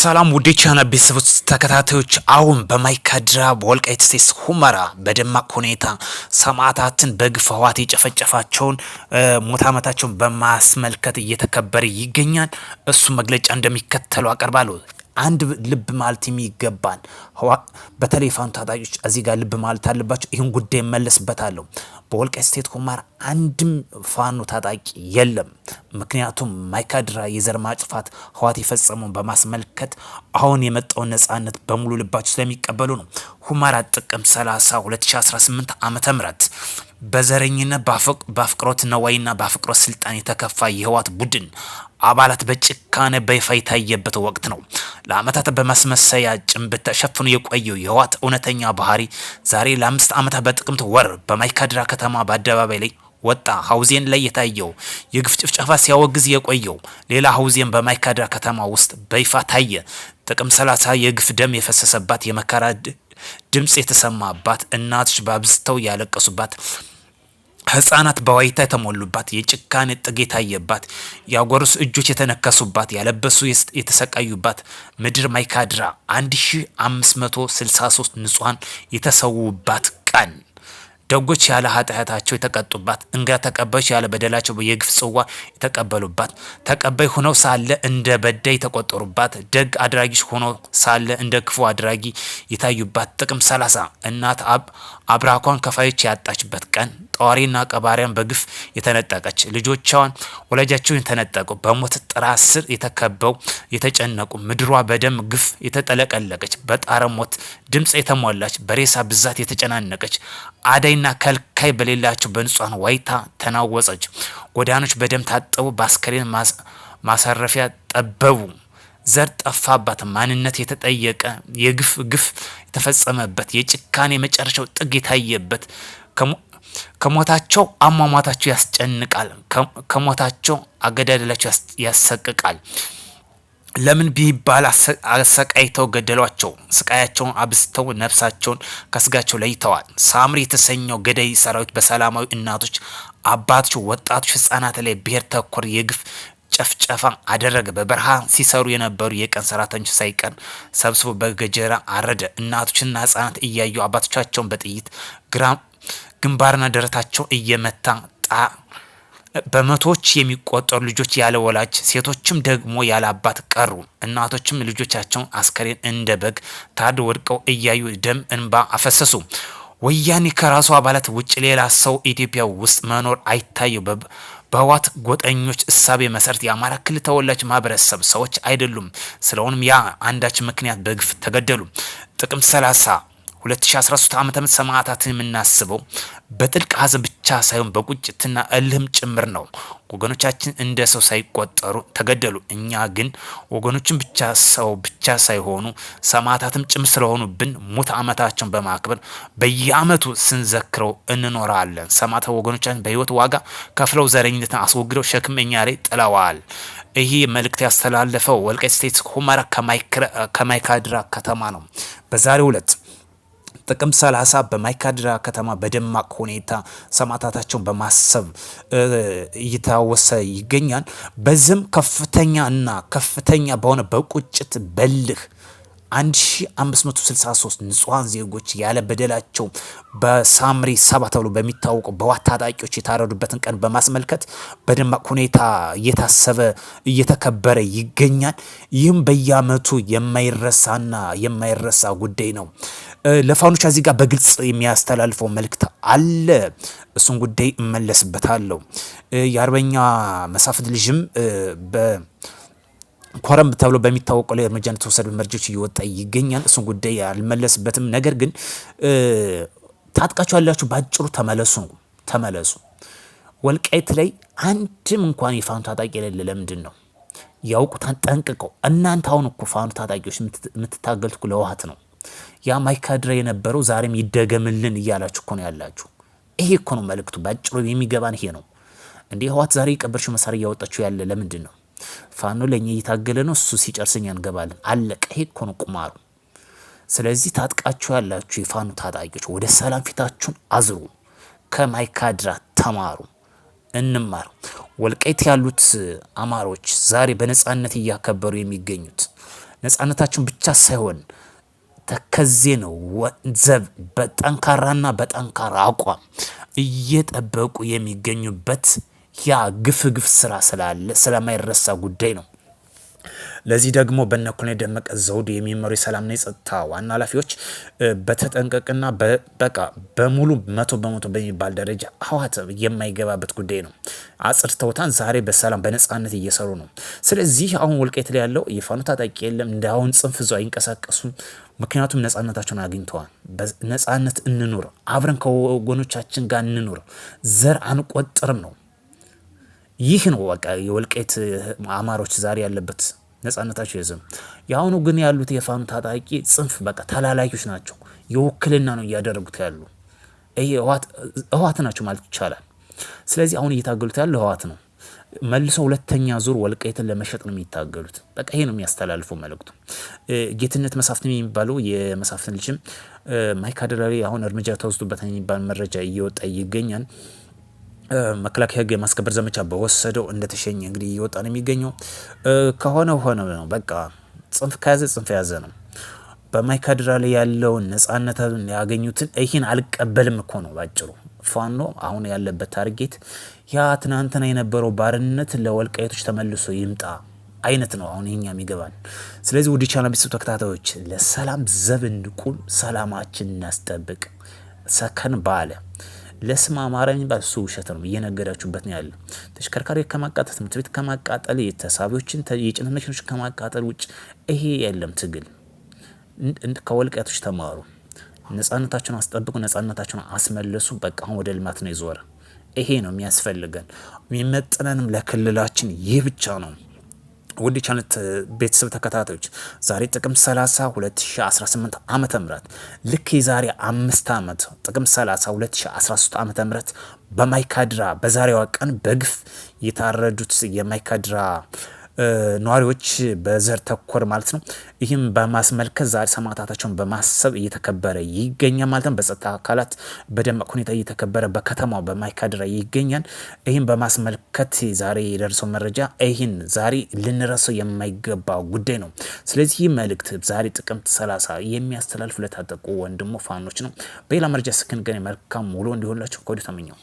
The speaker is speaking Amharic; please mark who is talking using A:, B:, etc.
A: ሰላም ውዴ ቻናል ቤተሰቦች ተከታታዮች፣ አሁን በማይካድራ በወልቃይት ሰቲት ሁመራ በደማቅ ሁኔታ ሰማዕታትን በግፍ ህወሓት የጨፈጨፋቸውን ሞት ዓመታቸውን በማስመልከት እየተከበረ ይገኛል። እሱ መግለጫ እንደሚከተለው አቀርባለሁ። አንድ ልብ ማለት የሚገባን በተለይ ፋኖ ታጣቂዎች እዚህ ጋር ልብ ማለት አለባቸው። ይህን ጉዳይ መለስበታለሁ። በወልቃይት ስቴት ኮማር አንድም ፋኖ ታጣቂ የለም። ምክንያቱም ማይካድራ የዘር ማጥፋት ህዋት የፈጸመውን በማስመልከት አሁን የመጣውን ነጻነት በሙሉ ልባቸው ስለሚቀበሉ ነው። ሁመራ ጥቅምት 30 2018 ዓ ም በዘረኝነት በአፍቅሮት ነዋይና በአፍቅሮት ስልጣን የተከፋ የህዋት ቡድን አባላት በጭካኔ በይፋ የታየበት ወቅት ነው። ለአመታት በማስመሰያ ጭንብት ተሸፍኖ የቆየው የህወሓት እውነተኛ ባህሪ ዛሬ ለአምስት ዓመታት በጥቅምት ወር በማይካድራ ከተማ በአደባባይ ላይ ወጣ። ሀውዜን ላይ የታየው የግፍ ጭፍጨፋ ሲያወግዝ የቆየው ሌላ ሀውዜን በማይካድራ ከተማ ውስጥ በይፋ ታየ። ጥቅም 30 የግፍ ደም የፈሰሰባት የመከራ ድምፅ የተሰማባት እናቶች ባብዝተው ያለቀሱባት ህጻናት በዋይታ የተሞሉባት የጭካኔ ጥግ የታየባት ያጎረሱ እጆች የተነከሱባት ያለበሱ የተሰቃዩባት ምድር ማይካድራ 1563 ንጹሐን የተሰዉባት ቀን ደጎች ያለ ኃጢአታቸው የተቀጡባት፣ እንግዳ ተቀባዮች ያለ በደላቸው የግፍ ጽዋ የተቀበሉባት፣ ተቀባይ ሆነው ሳለ እንደ በዳይ የተቆጠሩባት፣ ደግ አድራጊ ሆኖ ሳለ እንደ ክፉ አድራጊ የታዩባት፣ ጥቅም 30 እናት አብ አብራኳን ከፋዮች ያጣችበት ቀን፣ ጠዋሪና ቀባሪያን በግፍ የተነጠቀች፣ ልጆቿን ወላጃቸውን የተነጠቁ፣ በሞት ጥራ ስር የተከበው የተጨነቁ፣ ምድሯ በደም ግፍ የተጠለቀለቀች፣ በጣረ ሞት ድምፅ የተሞላች፣ በሬሳ ብዛት የተጨናነቀች አዳይ ከላይና ከልካይ በሌላቸው በንጹሐን ዋይታ ተናወጸች። ጎዳኖች በደም ታጠቡ፣ በአስከሬን ማሳረፊያ ጠበቡ። ዘር ጠፋባት፣ ማንነት የተጠየቀ የግፍ ግፍ የተፈጸመበት የጭካኔ የመጨረሻው ጥግ የታየበት ከሞታቸው አሟሟታቸው ያስጨንቃል። ከሞታቸው አገዳደላቸው ያሰቅቃል። ለምን ቢባል አሰቃይተው ገደሏቸው። ስቃያቸውን አብዝተው ነፍሳቸውን ከስጋቸው ለይተዋል። ሳምሪ የተሰኘው ገዳይ ሰራዊት በሰላማዊ እናቶች፣ አባቶች፣ ወጣቶች፣ ህጻናት ላይ ብሔር ተኮር የግፍ ጨፍጨፋ አደረገ። በበረሃ ሲሰሩ የነበሩ የቀን ሰራተኞች ሳይቀር ሰብስቦ በገጀራ አረደ። እናቶችና ህጻናት እያዩ አባቶቻቸውን በጥይት ግንባርና ደረታቸው እየመታ ጣ በመቶዎች የሚቆጠሩ ልጆች ያለ ወላጅ፣ ሴቶችም ደግሞ ያለ አባት ቀሩ። እናቶችም ልጆቻቸውን አስከሬን እንደ በግ ታርድ ወድቀው እያዩ ደም እንባ አፈሰሱ። ወያኔ ከራሱ አባላት ውጭ ሌላ ሰው ኢትዮጵያ ውስጥ መኖር አይታየው። በዋት ጎጠኞች እሳቤ መሰረት የአማራ ክልል ተወላጅ ማህበረሰብ ሰዎች አይደሉም። ስለሆነም ያ አንዳች ምክንያት በግፍ ተገደሉ። ጥቅምት 30 2013 ም ሰማዕታትን የምናስበው በጥልቅ ሀዘን ብቻ ሳይሆን በቁጭትና እልህም ጭምር ነው። ወገኖቻችን እንደ ሰው ሳይቆጠሩ ተገደሉ። እኛ ግን ወገኖችን ብቻ ሰው ብቻ ሳይሆኑ ሰማዕታትም ጭምር ስለሆኑብን ሙት ዓመታቸውን በማክበር በየዓመቱ ስንዘክረው እንኖራለን። ሰማዕታት ወገኖቻችን በህይወት ዋጋ ከፍለው ዘረኝነትን አስወግደው ሸክም እኛ ላይ ጥለዋል። ይህ መልእክት ያስተላለፈው ወልቃይት ስቴትስ ሁመራ ከማይካድራ ከተማ ነው። በዛሬው ዕለት ጥቅምት 30 በማይካድራ ከተማ በደማቅ ሁኔታ ሰማዕታታቸውን በማሰብ እየታወሰ ይገኛል። በዚህም ከፍተኛ እና ከፍተኛ በሆነ በቁጭት በልህ 1563 ንጹሐን ዜጎች ያለ በደላቸው በሳምሪ ሰባ ተብሎ በሚታወቀው በዋት ታጣቂዎች የታረዱበትን ቀን በማስመልከት በደማቅ ሁኔታ እየታሰበ እየተከበረ ይገኛል። ይህም በየአመቱ የማይረሳና የማይረሳ ጉዳይ ነው። ለፋኖች እዚህ ጋር በግልጽ የሚያስተላልፈው መልእክት አለ። እሱን ጉዳይ እመለስበታለሁ። የአርበኛ መሳፍንት ልጅም ኮረም ተብሎ በሚታወቀው ላይ እርምጃ እንደተወሰደ መረጃዎች እየወጣ ይገኛል። እሱን ጉዳይ አልመለስበትም። ነገር ግን ታጥቃችሁ ያላችሁ በአጭሩ ተመለሱ ተመለሱ። ወልቃይት ላይ አንድም እንኳን የፋኑ ታጣቂ የሌለ ለምንድን ነው? ያውቁታን ጠንቅቀው። እናንተ አሁን እኮ ፋኑ ታጣቂዎች የምትታገልት ለውሃት ነው። ያ ማይካድራ የነበረው ዛሬም ይደገምልን እያላችሁ እኮ ነው ያላችሁ። ይሄ እኮ ነው መልእክቱ። በአጭሩ የሚገባን ይሄ ነው። እንዲህ ህዋት ዛሬ የቀበርሽው መሳሪያ እያወጣችሁ ያለ ለምንድን ነው? ፋኖ ለእኛ እየታገለ ነው፣ እሱ ሲጨርስኝ እንገባለን። አለቀ። ይሄ እኮ ነው ቁማሩ። ስለዚህ ታጥቃችሁ ያላችሁ የፋኖ ታጣቂዎች ወደ ሰላም ፊታችሁን አዝሩ፣ ከማይካድራ ተማሩ፣ እንማር። ወልቃይት ያሉት አማሮች ዛሬ በነጻነት እያከበሩ የሚገኙት ነጻነታችን ብቻ ሳይሆን ተከዜ ነው ዘብ በጠንካራና በጠንካራ አቋም እየጠበቁ የሚገኙበት ያ ግፍ ግፍ ስራ ስላለ ስለማይረሳ ጉዳይ ነው። ለዚህ ደግሞ በኮሎኔል ደመቀ ዘውዱ የሚመሩ የሰላምና የጸጥታ ዋና ኃላፊዎች በተጠንቀቅና በቃ በሙሉ መቶ በመቶ በሚባል ደረጃ ህወሓት የማይገባበት ጉዳይ ነው። አጽድተውታን ዛሬ በሰላም በነጻነት እየሰሩ ነው። ስለዚህ አሁን ወልቃይት ላይ ያለው የፋኖ ታጣቂ የለም። እንደ አሁን ጽንፍ ይዘው አይንቀሳቀሱም። ምክንያቱም ነጻነታቸውን አግኝተዋል። ነጻነት እንኑር፣ አብረን ከወገኖቻችን ጋር እንኑር፣ ዘር አንቆጥርም ነው ይህ ነው በቃ የወልቃይት አማሮች ዛሬ ያለበት ነጻነታቸው የዝም። የአሁኑ ግን ያሉት የፋኑ ታጣቂ ጽንፍ በቃ ተላላኪዎች ናቸው። የውክልና ነው እያደረጉት ያሉ ህዋት ናቸው ማለት ይቻላል። ስለዚህ አሁን እየታገሉት ያለ ህዋት ነው። መልሰው ሁለተኛ ዙር ወልቃይትን ለመሸጥ ነው የሚታገሉት። በቃ ይሄ ነው የሚያስተላልፈው መልእክቱ። ጌትነት መሳፍት የሚባለው የመሳፍትን ልጅም ማይካድራ አሁን እርምጃ ተወስዶበታል የሚባል መረጃ እየወጣ ይገኛል። መከላከያ ህግ የማስከበር ዘመቻ በወሰደው እንደተሸኘ እንግዲህ እየወጣ ነው የሚገኘው። ከሆነ ሆነ ነው በቃ ጽንፍ ከያዘ ጽንፍ የያዘ ነው። በማይካድራ ላይ ያለውን ነጻነት ያገኙትን ይህን አልቀበልም እኮ ነው ባጭሩ። ፋኖ አሁን ያለበት ታርጌት ያ ትናንትና የነበረው ባርነት ለወልቃየቶች ተመልሶ ይምጣ አይነት ነው አሁን ይህኛ ይገባል። ስለዚህ ውድ ቻና ቤተሰብ ተከታታዮች ለሰላም ዘብ እንቁም፣ ሰላማችን እናስጠብቅ ሰከን ባለ ለስም አማራ የሚባል እሱ ውሸት ነው። እየነገዳችሁበት ነው ያለው። ተሽከርካሪ ከማቃጠል ትምህርት ቤት ከማቃጠል የተሳቢዎችን የጭነት ከማቃጠል ውጭ ይሄ የለም ትግል። ከወልቃይቶች ተማሩ። ነጻነታቸውን አስጠብቁ። ነጻነታቸውን አስመለሱ። በቃ አሁን ወደ ልማት ነው ይዞረ። ይሄ ነው የሚያስፈልገን። የሚመጥነንም ለክልላችን ይህ ብቻ ነው። ውድ ቻነት ቤተሰብ ተከታታዮች ዛሬ ጥቅም 30 2018 ዓመተ ምህረት ልክ የዛሬ አምስት ዓመት ጥቅም 30 2013 ዓመተ ምህረት በማይካድራ በዛሬዋ ቀን በግፍ የታረዱት የማይካድራ ነዋሪዎች በዘር ተኮር ማለት ነው። ይህም በማስመልከት ዛሬ ሰማዕታታቸውን በማሰብ እየተከበረ ይገኛል ማለት ነው። በጸጥታ አካላት በደማቅ ሁኔታ እየተከበረ በከተማው በማይካድራ ይገኛል። ይህም በማስመልከት ዛሬ የደርሰው መረጃ ይህን ዛሬ ልንረሰው የማይገባ ጉዳይ ነው። ስለዚህ ይህ መልእክት ዛሬ ጥቅምት 30 የሚያስተላልፍ ለታጠቁ ወንድሞ ፋኖች ነው። በሌላ መረጃ ስክን መልካም ውሎ እንዲሆንላቸው ከወዲሁ ተመኘው።